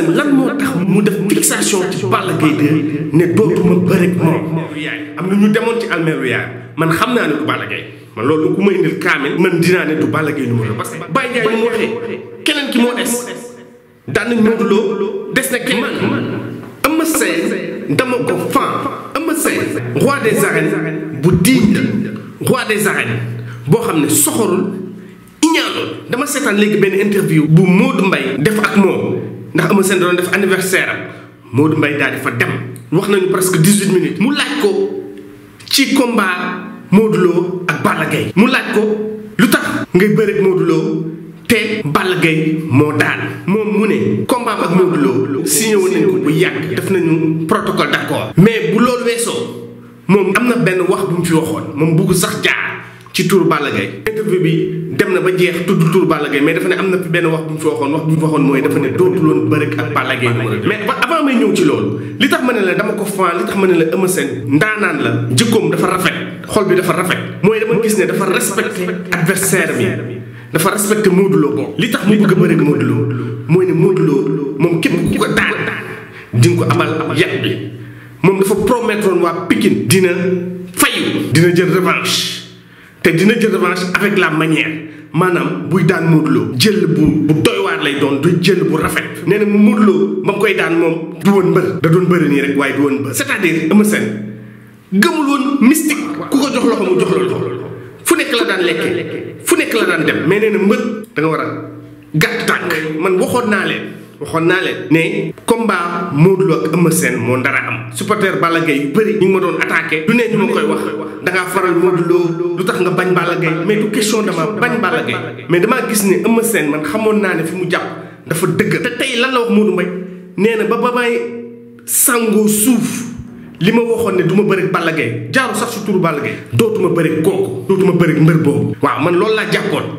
Sène lan mo tax mu def fixation ci Balla Gaye 2 ne dootuma bëreeg moom. am na ñu demone ci Almeria man xam naa ne du Balla Gaye man loolu ku may indil kaamil man dina ne du Balla gay numéro parce que Baye Ndiaye ni mu waxe keneen ki mo dess dan nañ Modou Lo dess na keneen Eumeu Sène dama ko fan Eumeu Sène roi des arènes bu digne roi des arènes bo xamne soxorul iñaanul dama sétane léegi ben interview bu Modou Mbaye def ak moom ndax Eumeu Sène doon def anniversaire am Modou Mbaye daal dafa dem wax nañu presque dix-huit minutes mu laaj ko ci combat Modou ak Balla Gaye mu laaj ko lu tax ngay bëri Modou Lo te Balla Gaye moo daan moom mu ne combat ak Modou Lo signé woon nañu ko bu yàgg def nañu protocole d'accord mais bu loolu weesoo moom am na benn wax bu mu fi waxoon moom bugg sax jaar ci tour Balla Gaye interview bi dem na ba jeex tudd tour Balla Gaye mais dafa ne am na fi benn wax bu mu fi waxoon wax bu mu waxoon mooy dafa ne dootul woon bërëg ak Balla Gaye mais avant may ñëw ci loolu li tax ma ne la dama ko fan li tax ma ne la Eumeu Sène ndaanaan la jikkoom dafa rafet xol bi dafa rafet mooy dama gis ne dafa respecté adversaire bi dafa respecté Modou Lo li tax mu bëgg bëri ak Modou ne Modou Lo moom ku ko daan di ko amal yat bi moom dafa promettre waa Pikine dina fayu dina jël revanche te dina jël revanche avec la manière maanaam buy daan Modou jël bu bu doy lay doon du jël bu rafet nee na Modou Lo ba mu koy daan moom du woon mbër da doon bëri nii rek waaye du woon mbër c'est-à-dire Eumeu Sène gëmul woon mystique ku fu nekk la daan lekkee fu nekk la daan dem mais nee na mbër da war a gàtt tànk man waxoon naa leen waxoon naa leen ne comme Modou Lo ak seen Sène dara ndara supporter Balla Gaye yu bëri ñu ma doon attaqué du ne ñu koy wax da ngaa faral Modou Lo lu tax nga bañ Balla Gaye mais du question dama bañ Balla mais damaa gis ne Eumeu seen man xamoon naa ne fi mu jàpp dafa dëgg. te tey lan la wax Modou Mbaye nee na ba ba may suuf li ma waxoon ne duma ma bëri Balla Gaye jaaru sax su turu Balla Gaye dootuma bëri kooku dootuma bëri mbër boobu waaw man loolu laa jàppoon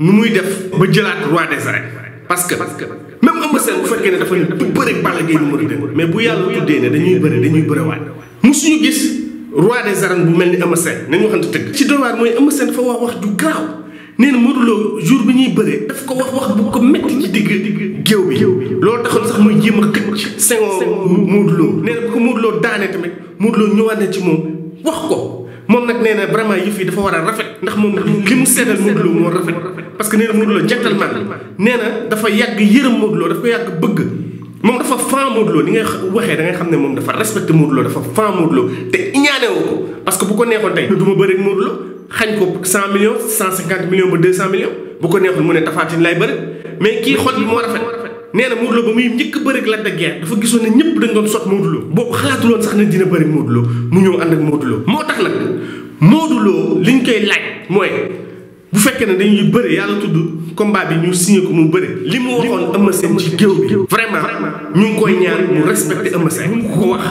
nu muy def ba jëlaat roi des arènes parce que même Eumeu Sène bu fekkee ne dafa ne du bëre Balla Gaye numéro 2 mais bu yàlla tuddee ne dañuy bëre dañuy bërewaat musuñu gis roi des arènes bu mel ni Eumeu Sène nañu waxante dëgg ci dowaar mooy Eumeu Sène dafa wax wax du garaaw nee na Modou jour bi ñuy bëree daf ko wax wax bu ko métti ci digg géew bi loolu taxoon sax muy jéem a xëcc sengoo Modou Lo nee na bu ko Modou Lo daanee tamit Modou Lo ñëwaat na ci moom wax ko moom nag nee na vraiment yëf yi dafa war a rafet ndax moom li parce que nee na Modou Lo gentleman nee na dafa yàgg yërëm Modou dafa ko yàgg bëgg moom dafa fan Modou Lo ni ngay waxee da ngay xam ne moom dafa respecté Modou Lo dafa fan Modou Lo bu ko neexoon tey ma bëri ak Modou ko cent millions cent cinquante millions ba deux cent millions bu ko neexoon mu ne kii xol bi moo rafet nee Lo ba muy njëkk bëri ak dafa gisoon ne ñëpp dañ doon sot Modou Lo boobu xalaatuloon sax ne dina bëri Modou Lo mu ñëw ànd ak Modou Lo moo tax nag Modou Lo liñ koy laaj mooy bu fekkee ne dañuy bëri yàlla tudd combat bi ñu signé ko mu bëre. li mu waxoon Eumeu Sène ci géew bi. vraiment ñu ngi koy ñaan mu respecté Eumeu Sène. mu ko wax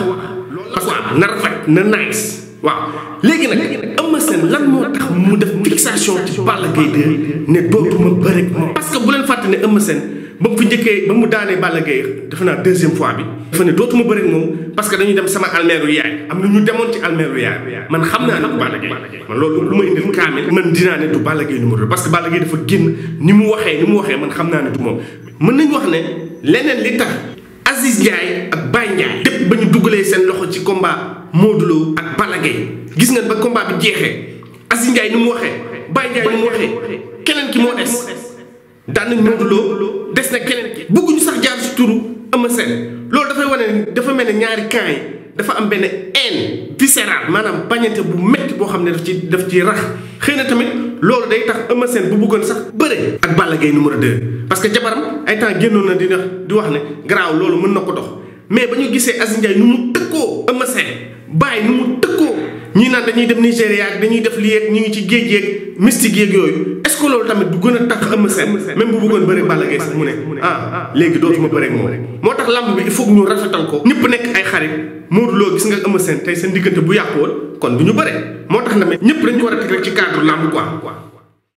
parce que na rafet na nice waaw léegi nag Eumeu seen lan moo tax mu def fixation ci Balla Gaye 2 ne dootuma bëre parce que bu leen fàtte ne Eumeu Sène ba mu fi njëkkee ba mu daanee Balla Gaye dafa naa deuxième fois bi dafa ne dootuma bëri ak moom parce que dañuy dem sama almeeru yaay am na ñu demoon ci almeeru yaay man xam naa nag Balla Gaye man loolu lu ma indil kaamil man dinaa ne du Balla Gaye numéro parce que Balla Gaye dafa génn ni mu waxee ni mu waxee man xam naa ne du moom mën nañu wax ne leneen li tax Aziz Ndiaye ak Baye Ndiaye dépp ba ñu dugalee seen loxo ci combat Modou Lo ak Balla gis nga ba combat bi jeexee Aziz Ndiaye ni mu waxee Baye Ndiaye ni ki moo des daan nañ des na keneen ki bëgguñu sax jaar si turu Eumeu loolu dafay wane dafa mel ne ñaari camp yi dafa am benn haine viscérale maanaam bañante bu métti boo xam ne daf ci daf ci rax xëy na tamit loolu day tax Eumeu Sène bu bëggoon sax bëre ak Balla Gaye numéro 2 parce que jabaram ay temps génnoon na di di wax ne garaaw loolu mën na ko dox mais ba ñu gisee Aziz Ndiaye nu mu tëkkoo Eumeu Sène bàyyi nu mu tëkkoo ñii naan dañuy dem Nigéria dañuy def lii ak ñu ngi ci géej yeeg mystique yeeg yooyu est-ce que loolu tamit du gën a tax Eumeu Sène même bu bëggoon bëri Balla Gaye sax mu ne ah léegi dootuma bëri moom moo tax lamb bi il faut que ñu rafetal ko ñëpp nekk ay xarit Modou Lo gis nga Eumeu Sène tey seen diggante bu yàqu woon kon du ñu bëre moo tax na mais ñëpp dañ war a teg rek ci cadre lamb quoi